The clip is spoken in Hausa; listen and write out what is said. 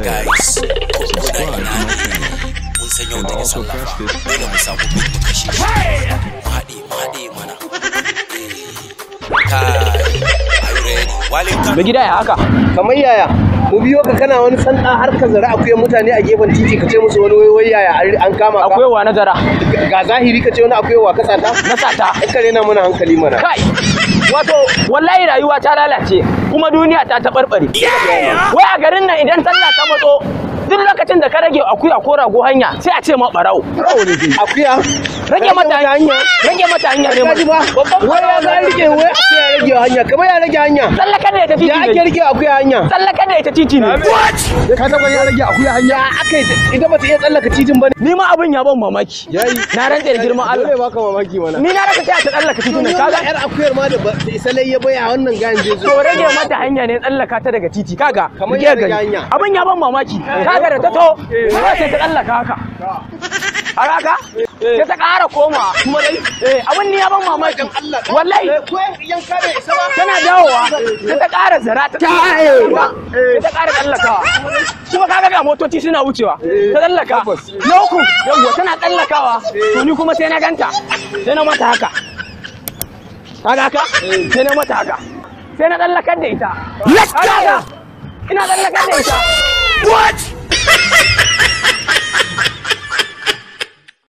guys. Mun san yau da sallafa. Dole mu samu bin mu kashi. Mu haɗe mu haɗe mana. Kai. gida ya haka? Kamar yaya? Mu biyo ka kana wani sanda har ka zara akwai mutane a gefen titi ka ce musu wani waiwai yaya an kama ka. Akwai wa na zara. Ga zahiri ka ce wani akwai wa ka sata? Na sata. Kare na mana hankali mana. Kai. wato wallahi rayuwa ta lalace kuma duniya ta taɓarɓare wai a garin nan idan sallah ta matso duk lokacin da ka rage akuya ko rago hanya sai a ce ma barawo akuya rage mata hanya rage mata hanya ne ma babban wai ya ga rage wai akuya rage hanya kamar ya rage hanya tsallakan ne ta titi ne ya ake rage akuya hanya tsallakan ne ta titi ne ka taba ya rage akuya hanya aka ita bata iya tsallaka titin ba ni ma abin ya ban mamaki na rantsa da girman Allah dole baka mamaki mana ni na raka ta tsallaka titin ka ga yar akuyar ma da isa lai ya baya wannan gayan jeje to rage mata hanya ne tsallaka ta daga titi kaga kamar ya rage hanya abin ya ban mamaki eh. daga ta to sai eh. ta tsallaka haka a haka eh. sai ta ƙara koma eh, abin ni ya ban mamaki wallahi tana dawowa sai ta ƙara zara ta ta ƙara tsallakawa kuma kaga ga motoci suna wucewa ta tsallaka yawwa tana tsallakawa to ni kuma sai na ganta sai na mata haka haka sai na mata haka sai na tsallakar da ita ina tsallakar da ita What?